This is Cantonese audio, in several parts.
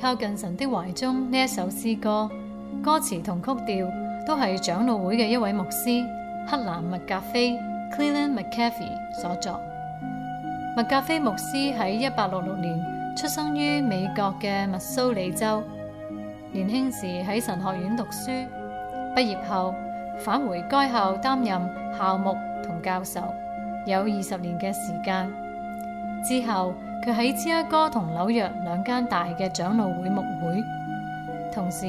靠近神的懷中呢一首詩歌，歌詞同曲調都係長老會嘅一位牧師克蘭麥格菲 c l e l i n McKeefe） 所作。麥格菲牧師喺一八六六年出生於美國嘅密蘇里州，年輕時喺神學院讀書，畢業後返回該校擔任校牧同教授，有二十年嘅時間。之後佢喺芝加哥同紐約兩間大嘅長老會牧會，同時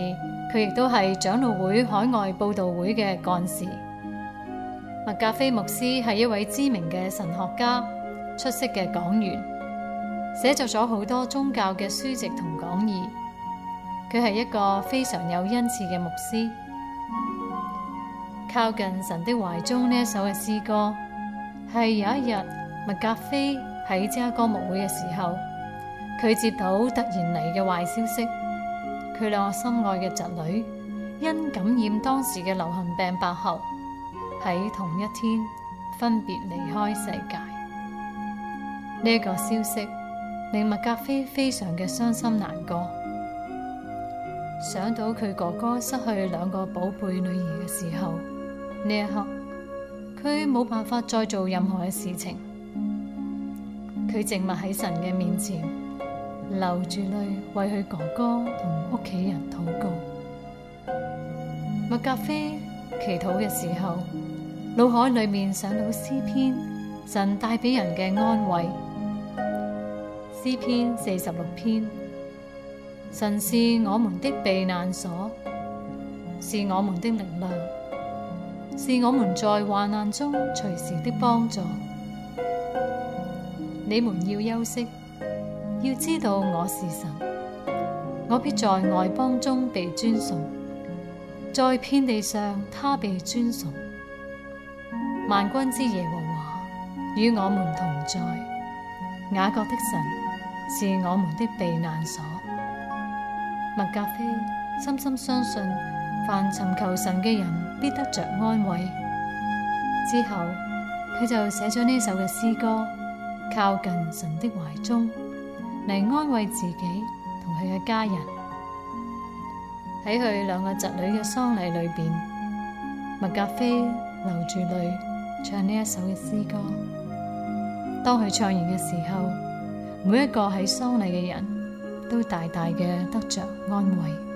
佢亦都係長老會海外報道會嘅幹事。麥格菲牧師係一位知名嘅神學家，出色嘅講員，寫作咗好多宗教嘅書籍同講義。佢係一個非常有恩賜嘅牧師。靠近神的懷中呢一首嘅詩歌，係有一日麥格菲。喺芝加哥舞會嘅時候，佢接到突然嚟嘅壞消息，佢兩個心愛嘅侄女因感染當時嘅流行病白喉，喺同一天分別離開世界。呢一個消息令麥格菲非常嘅傷心難過。想到佢哥哥失去兩個寶貝女兒嘅時候，呢一刻佢冇辦法再做任何嘅事情。佢靜默喺神嘅面前，流住淚為佢哥哥同屋企人禱告。麥格菲祈禱嘅時候，腦海裏面想到詩篇，神帶俾人嘅安慰。詩篇四十六篇，神是我們的避難所，是我們的力量，是我們在患難中隨時的幫助。你們要休息，要知道我是神，我必在外邦中被尊崇，在遍地上他被尊崇。萬軍之耶和華與我們同在，雅各的神是我們的避難所。麥格菲深深相信，凡尋求神嘅人必得着安慰。之後佢就寫咗呢首嘅詩歌。靠近神的懷中，嚟安慰自己同佢嘅家人。喺佢兩個侄女嘅喪禮裏面，麥格菲流住淚唱呢一首嘅詩歌。當佢唱完嘅時候，每一個喺喪禮嘅人都大大嘅得着安慰。